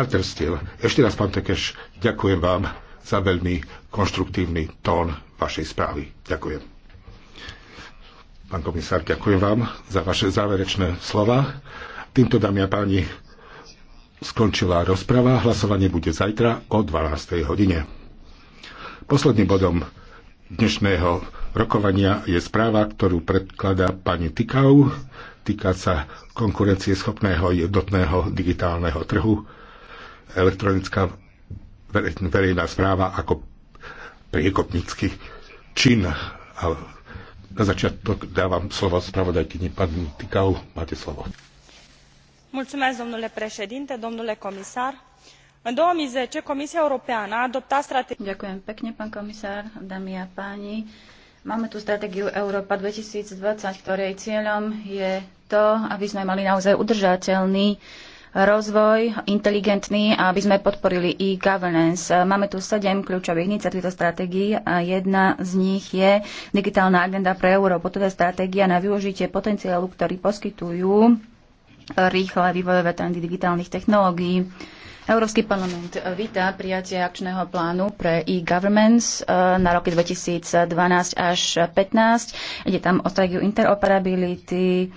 partnerstiev. Ešte raz, pán Tekeš, ďakujem vám za veľmi konštruktívny tón vašej správy. Ďakujem. Pán komisár, ďakujem vám za vaše záverečné slova. Týmto, dámy a páni, skončila rozprava. Hlasovanie bude zajtra o 12. hodine. Posledným bodom dnešného rokovania je správa, ktorú predkladá pani Tikau. Týka sa konkurencieschopného jednotného digitálneho trhu elektronická verejná správa ako priekopnícky čin. A na začiatok dávam slovo spravodajkyni pani Tikau. Máte slovo. Mulțumesc, domnule președinte, domnule comisar. În 2010, Comisia Europeană a adoptat strategia... Ďakujem pekne, pán komisár, dámy a páni. Máme tu stratégiu Európa 2020, ktorej cieľom je to, aby sme mali naozaj udržateľný rozvoj inteligentný a aby sme podporili e-governance. Máme tu sedem kľúčových iniciatív týchto stratégií a jedna z nich je digitálna agenda pre Európu. Toto je stratégia na využitie potenciálu, ktorý poskytujú rýchle vývojové trendy digitálnych technológií. Európsky parlament víta prijatie akčného plánu pre e-governments e, na roky 2012 až 2015. Ide tam o stratégiu interoperability,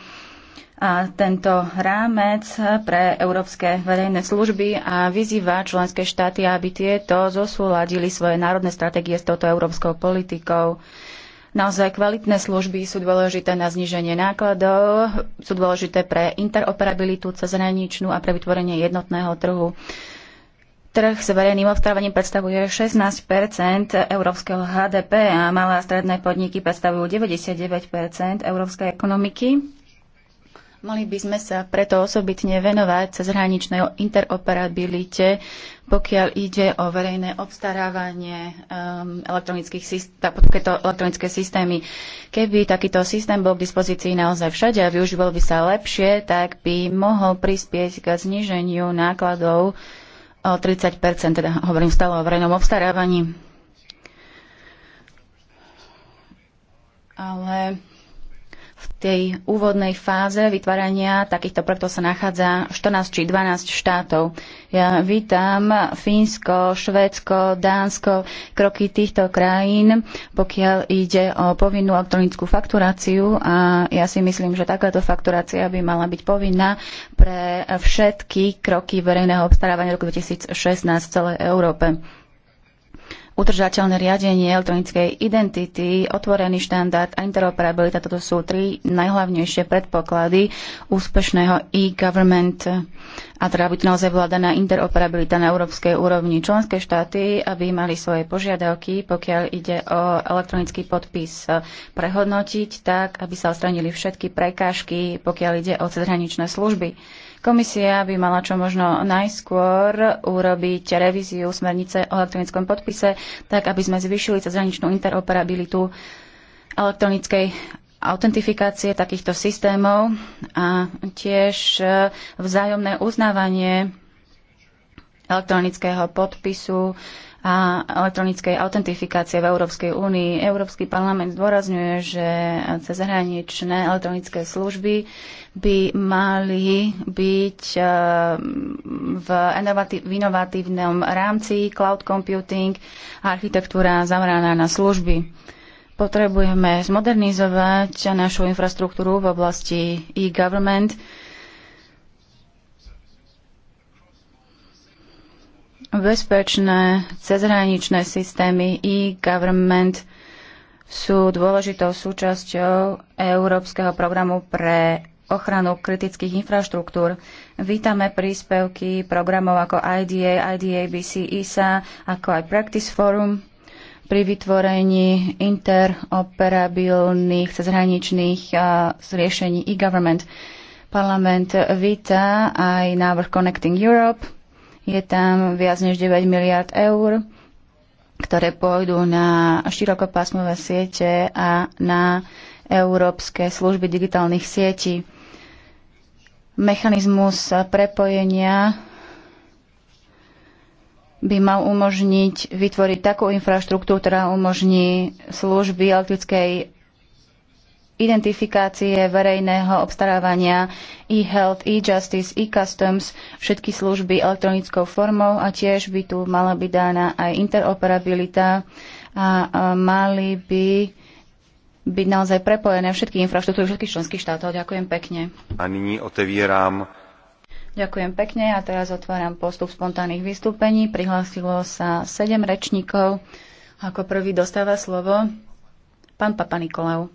a tento rámec pre európske verejné služby a vyzýva členské štáty, aby tieto zosúladili svoje národné stratégie s touto európskou politikou. Naozaj kvalitné služby sú dôležité na zníženie nákladov, sú dôležité pre interoperabilitu cezhraničnú a pre vytvorenie jednotného trhu. Trh s verejným obstarávaním predstavuje 16 európskeho HDP a malé a stredné podniky predstavujú 99 európskej ekonomiky. Mali by sme sa preto osobitne venovať cezhraničnej interoperabilite, pokiaľ ide o verejné obstarávanie um, elektronických systém, elektronické systémy. Keby takýto systém bol k dispozícii naozaj všade a využíval by sa lepšie, tak by mohol prispieť k zniženiu nákladov o 30 teda hovorím stále o verejnom obstarávaní. Ale tej úvodnej fáze vytvárania takýchto projektov sa nachádza 14 či 12 štátov. Ja vítam Fínsko, Švédsko, Dánsko, kroky týchto krajín, pokiaľ ide o povinnú elektronickú fakturáciu a ja si myslím, že takáto fakturácia by mala byť povinná pre všetky kroky verejného obstarávania roku 2016 v celej Európe udržateľné riadenie elektronickej identity, otvorený štandard a interoperabilita. Toto sú tri najhlavnejšie predpoklady úspešného e-government. A teda by to naozaj bola daná interoperabilita na európskej úrovni. Členské štáty, aby mali svoje požiadavky, pokiaľ ide o elektronický podpis, eh, prehodnotiť tak, aby sa odstranili všetky prekážky, pokiaľ ide o cezhraničné služby Komisia by mala čo možno najskôr urobiť revíziu smernice o elektronickom podpise, tak aby sme zvyšili cezhraničnú interoperabilitu elektronickej autentifikácie takýchto systémov a tiež e, vzájomné uznávanie elektronického podpisu a elektronickej autentifikácie v Európskej únii. Európsky parlament zdôrazňuje, že cezhraničné elektronické služby by mali byť e, v inovatívnom rámci cloud computing a architektúra zameraná na služby. Potrebujeme zmodernizovať našu infraštruktúru v oblasti e-government, Bezpečné cezhraničné systémy e-government sú dôležitou súčasťou Európskeho programu pre ochranu kritických infraštruktúr. Vítame príspevky programov ako IDA, IDABC, ISA, ako aj Practice Forum pri vytvorení interoperabilných cezhraničných riešení e-government. Parlament víta aj návrh Connecting Europe, je tam viac než 9 miliard eur, ktoré pôjdu na širokopásmové siete a na európske služby digitálnych sietí. Mechanizmus prepojenia by mal umožniť vytvoriť takú infraštruktúru, ktorá umožní služby elektrickej identifikácie verejného obstarávania, e-health, e-justice, e-customs, všetky služby elektronickou formou a tiež by tu mala byť dána aj interoperabilita a mali by byť naozaj prepojené všetky infraštruktúry všetkých členských štátov. Ďakujem pekne. A nyní otevieram Ďakujem pekne a teraz otváram postup spontánnych vystúpení. Prihlásilo sa sedem rečníkov. Ako prvý dostáva slovo pán Papa Nikolau.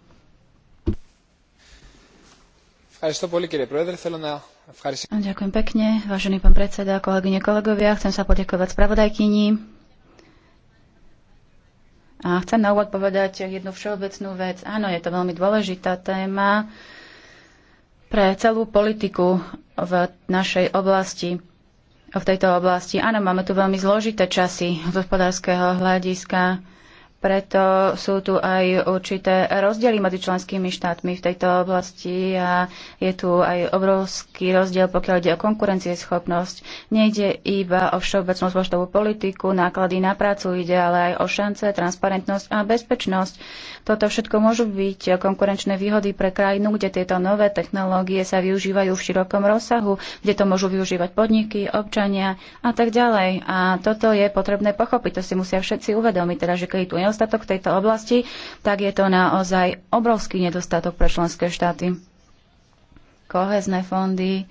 Ďakujem pekne, vážený pán predseda, kolegyne, kolegovia. Chcem sa poďakovať spravodajkyni. A chcem na úvod povedať jednu všeobecnú vec. Áno, je to veľmi dôležitá téma pre celú politiku v našej oblasti, v tejto oblasti. Áno, máme tu veľmi zložité časy z hospodárskeho hľadiska preto sú tu aj určité rozdiely medzi členskými štátmi v tejto oblasti a je tu aj obrovský rozdiel, pokiaľ ide o konkurencieschopnosť. Nejde iba o všeobecnú zložitovú politiku, náklady na prácu, ide ale aj o šance, transparentnosť a bezpečnosť. Toto všetko môžu byť konkurenčné výhody pre krajinu, kde tieto nové technológie sa využívajú v širokom rozsahu, kde to môžu využívať podniky, občania a tak ďalej. A toto je potrebné pochopiť, to si musia všetci uvedomiť, teda, že keď tu nedostatok v tejto oblasti, tak je to naozaj obrovský nedostatok pre členské štáty. Kohezné fondy,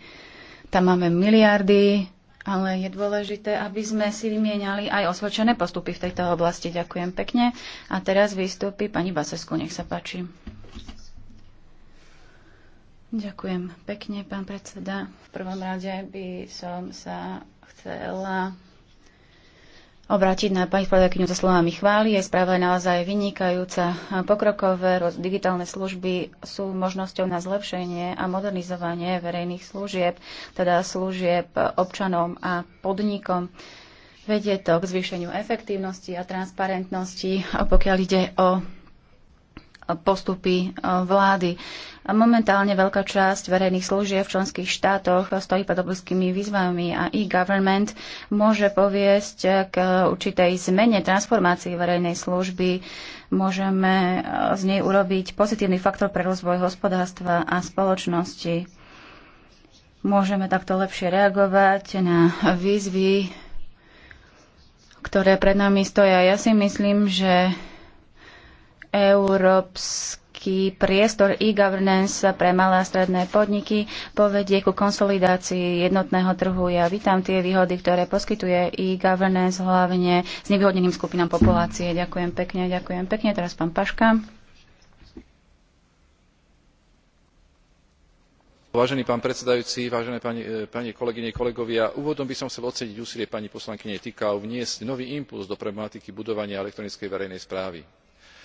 tam máme miliardy, ale je dôležité, aby sme si vymieniali aj osvočené postupy v tejto oblasti. Ďakujem pekne. A teraz vystúpi pani Basesku, nech sa páči. Ďakujem pekne, pán predseda. V prvom rade by som sa chcela obrátiť na pani spravodajkyňu so slovami chvály. Jej správa je naozaj vynikajúca. Pokrokové digitálne služby sú možnosťou na zlepšenie a modernizovanie verejných služieb, teda služieb občanom a podnikom. Vedie to k zvýšeniu efektívnosti a transparentnosti, pokiaľ ide o postupy e, vlády. A momentálne veľká časť verejných služieb v členských štátoch stojí pod obrovskými výzvami a e-government môže poviesť k určitej zmene transformácii verejnej služby. Môžeme e, z nej urobiť pozitívny faktor pre rozvoj hospodárstva a spoločnosti. Môžeme takto lepšie reagovať na výzvy, ktoré pred nami stoja. Ja si myslím, že Európsky priestor e-governance pre malé a stredné podniky povedie ku konsolidácii jednotného trhu. Ja vítam tie výhody, ktoré poskytuje e-governance hlavne s nevyhodneným skupinám populácie. Ďakujem pekne, ďakujem pekne. Teraz pán Paška. vážený pán predsedajúci vážené pani, e, pani kolegyne kolegovia úvodom by som chcel oceniť úsilie pani poslankyne icu vniesť nový impulz do problematiky budovania elektronickej verejnej správy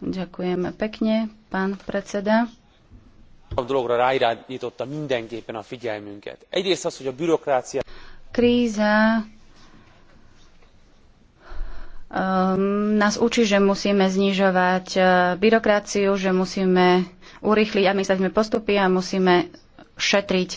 Ďakujeme pekne, pán predseda. Három dologra ráirányította mindenképpen a figyelmünket. Egyrészt az, hogy a bürokrácia... Kríza um, nás učí, že musíme znižovať uh, byrokraciu, že musíme urýchliť administratívne postupy a musíme šetriť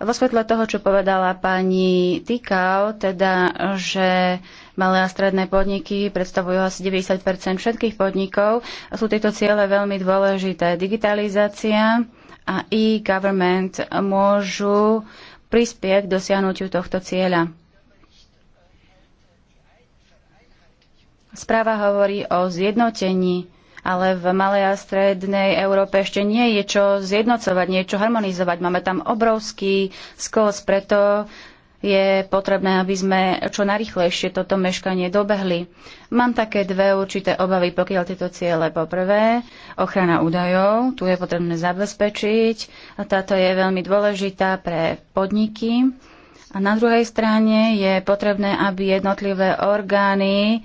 vo svetle toho, čo povedala pani Tikau, teda, že malé a stredné podniky predstavujú asi 90 všetkých podnikov, sú tieto ciele veľmi dôležité. Digitalizácia a e-government môžu prispieť k dosiahnutiu tohto cieľa. Správa hovorí o zjednotení ale v malej a strednej Európe ešte nie je čo zjednocovať, nie je čo harmonizovať. Máme tam obrovský skos, preto je potrebné, aby sme čo najrychlejšie toto meškanie dobehli. Mám také dve určité obavy, pokiaľ tieto ciele. Poprvé, ochrana údajov, tu je potrebné zabezpečiť a táto je veľmi dôležitá pre podniky. A na druhej strane je potrebné, aby jednotlivé orgány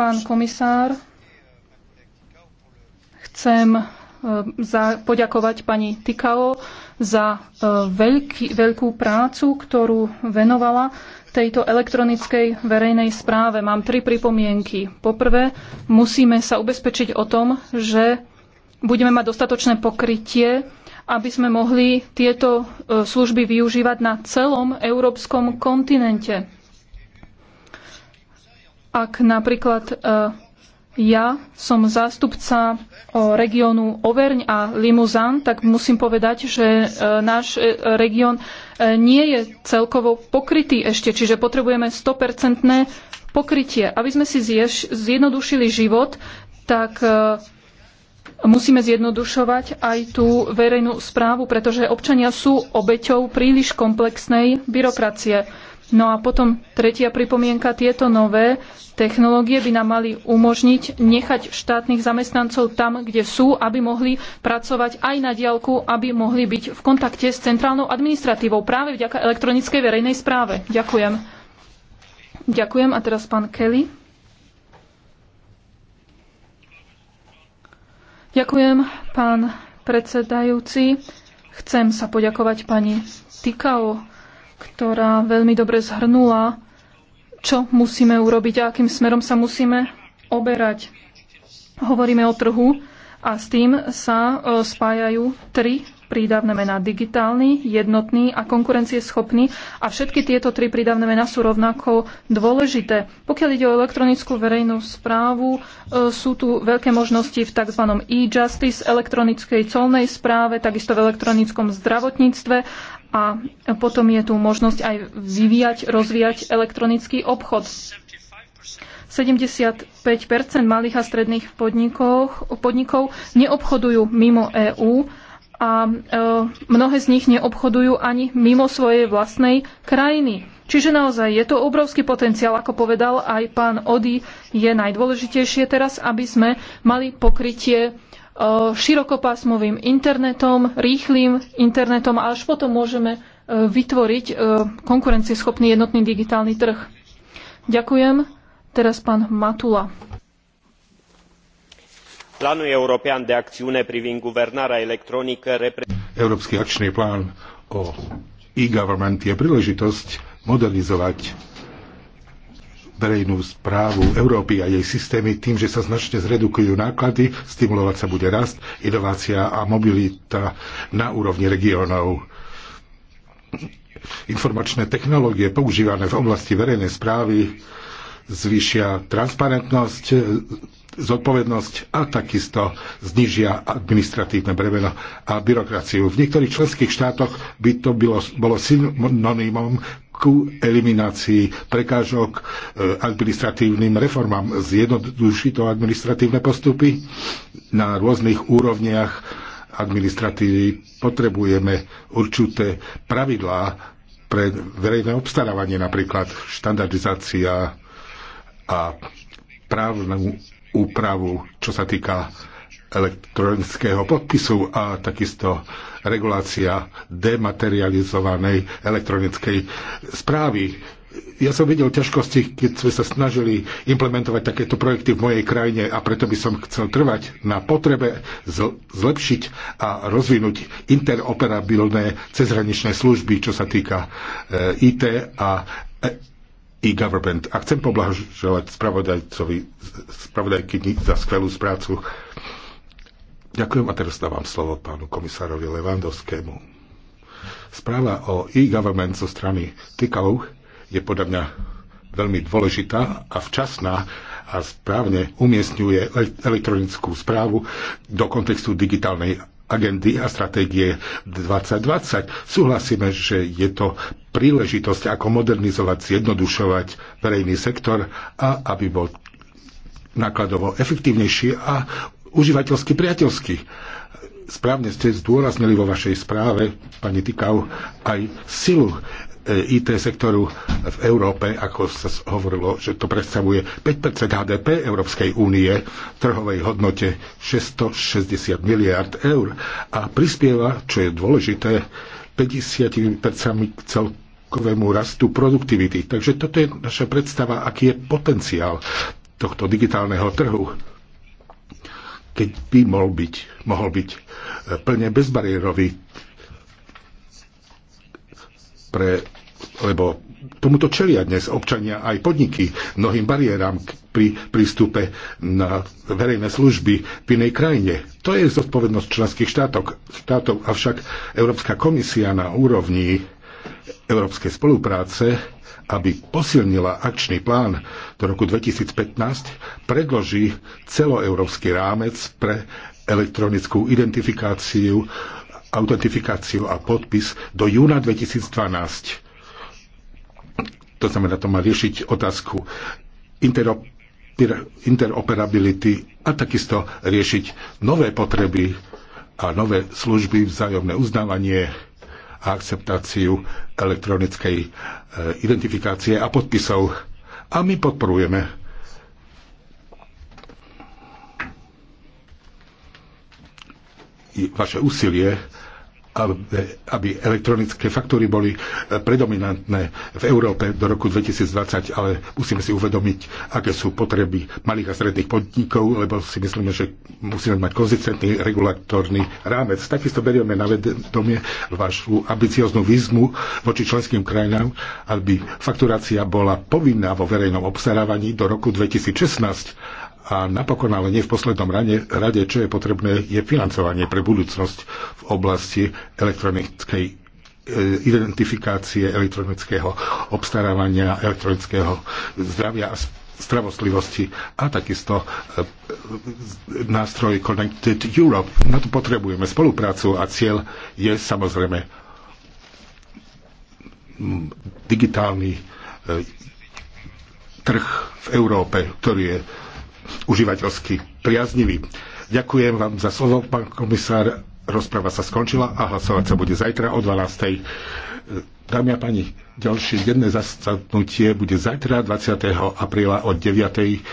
Pán komisár, chcem e, za, poďakovať pani Tikao za e, veľký, veľkú prácu, ktorú venovala tejto elektronickej verejnej správe. Mám tri pripomienky. Poprvé, musíme sa ubezpečiť o tom, že budeme mať dostatočné pokrytie, aby sme mohli tieto e, služby využívať na celom európskom kontinente. Ak napríklad e, ja som zástupca e, regiónu Overň a Limuzán, tak musím povedať, že e, náš región nie je celkovo pokrytý ešte, čiže potrebujeme 100% pokrytie. Aby sme si zjednodušili život, tak musíme zjednodušovať aj tú verejnú správu, pretože občania sú obeťou príliš komplexnej byrokracie. No a potom tretia pripomienka, tieto nové technológie by nám mali umožniť nechať štátnych zamestnancov tam, kde sú, aby mohli pracovať aj na diaľku, aby mohli byť v kontakte s centrálnou administratívou práve vďaka elektronickej verejnej správe. Ďakujem. Ďakujem. A teraz pán Kelly. Ďakujem, pán predsedajúci. Chcem sa poďakovať pani Tikao ktorá veľmi dobre zhrnula, čo musíme urobiť a akým smerom sa musíme oberať. Hovoríme o trhu a s tým sa e, spájajú tri prídavné mená. Digitálny, jednotný a konkurencieschopný. A všetky tieto tri prídavné mená sú rovnako dôležité. Pokiaľ ide o elektronickú verejnú správu, e, sú tu veľké možnosti v tzv. e-justice, elektronickej colnej správe, takisto v elektronickom zdravotníctve a potom je tu možnosť aj vyvíjať, rozvíjať elektronický obchod. 75 malých a stredných podnikov, podnikov neobchodujú mimo EÚ a e, mnohé z nich neobchodujú ani mimo svojej vlastnej krajiny. Čiže naozaj je to obrovský potenciál, ako povedal aj pán Ody, je najdôležitejšie teraz, aby sme mali pokrytie E, širokopásmovým internetom, rýchlým internetom a až potom môžeme e, vytvoriť e, konkurencieschopný jednotný digitálny trh. Ďakujem. Teraz pán Matula. de Európsky akčný plán o e-government je príležitosť modernizovať verejnú správu Európy a jej systémy tým, že sa značne zredukujú náklady, stimulovať sa bude rast, inovácia a mobilita na úrovni regiónov. Informačné technológie používané v oblasti verejnej správy zvýšia transparentnosť, zodpovednosť a takisto znižia administratívne bremeno a byrokraciu. V niektorých členských štátoch by to bylo, bolo synonymom ku eliminácii prekážok e, administratívnym reformám, zjednoduší to administratívne postupy na rôznych úrovniach administratívy potrebujeme určité pravidlá pre verejné obstarávanie, napríklad štandardizácia a právnu úpravu, čo sa týka elektronického podpisu a takisto regulácia dematerializovanej elektronickej správy. Ja som videl ťažkosti, keď sme sa snažili implementovať takéto projekty v mojej krajine a preto by som chcel trvať na potrebe zlepšiť a rozvinúť interoperabilné cezhraničné služby, čo sa týka e, IT a e-, e-government. A chcem poblahoželať spravodajcovi, spravodajky za skvelú prácu. Ďakujem a teraz dávam slovo pánu komisárovi Levandovskému. Správa o e-government zo strany Tikau je podľa mňa veľmi dôležitá a včasná a správne umiestňuje elektronickú správu do kontextu digitálnej agendy a stratégie 2020. Súhlasíme, že je to príležitosť, ako modernizovať, zjednodušovať verejný sektor a aby bol nákladovo efektívnejší a užívateľsky priateľský. Správne ste zdôraznili vo vašej správe, pani Tikau, aj silu eh, IT sektoru v Európe, ako sa hovorilo, že to predstavuje 5% HDP Európskej únie v trhovej hodnote 660 miliard eur a prispieva, čo je dôležité, 50% k celkovému rastu produktivity. Takže toto je naša predstava, aký je potenciál tohto digitálneho trhu keď by mohol byť, mohol byť e, plne bezbariérový pre, lebo tomuto čelia dnes občania aj podniky mnohým bariéram pri prístupe na verejné služby v inej krajine. To je zodpovednosť členských štátov, štátov avšak Európska komisia na úrovni európskej spolupráce aby posilnila akčný plán do roku 2015, predloží celoeurópsky rámec pre elektronickú identifikáciu, autentifikáciu a podpis do júna 2012. To znamená, to má riešiť otázku interoperability a takisto riešiť nové potreby a nové služby, vzájomné uznávanie a akceptáciu elektronickej e, identifikácie a podpisov. A my podporujeme vaše úsilie aby elektronické faktúry boli e, predominantné v Európe do roku 2020, ale musíme si uvedomiť, aké sú potreby malých a stredných podnikov, lebo si myslíme, že musíme mať konzistentný regulatórny rámec. Takisto berieme na vedomie vašu ambicioznú výzmu voči členským krajinám, aby fakturácia bola povinná vo verejnom obstarávaní do roku 2016 a napokon, ale nie v poslednom rade, rade, čo je potrebné, je financovanie pre budúcnosť v oblasti elektronickej eh, identifikácie elektronického obstarávania, elektronického zdravia a stravostlivosti a takisto eh, nástroj Connected Europe. Na to potrebujeme spoluprácu a cieľ je samozrejme mm, digitálny eh, trh v Európe, ktorý je užívateľsky priaznivý. Ďakujem vám za slovo, pán komisár. Rozpráva sa skončila a hlasovať sa bude zajtra o 12. Dámy a páni, ďalšie denné zasadnutie bude zajtra 20. apríla od 9.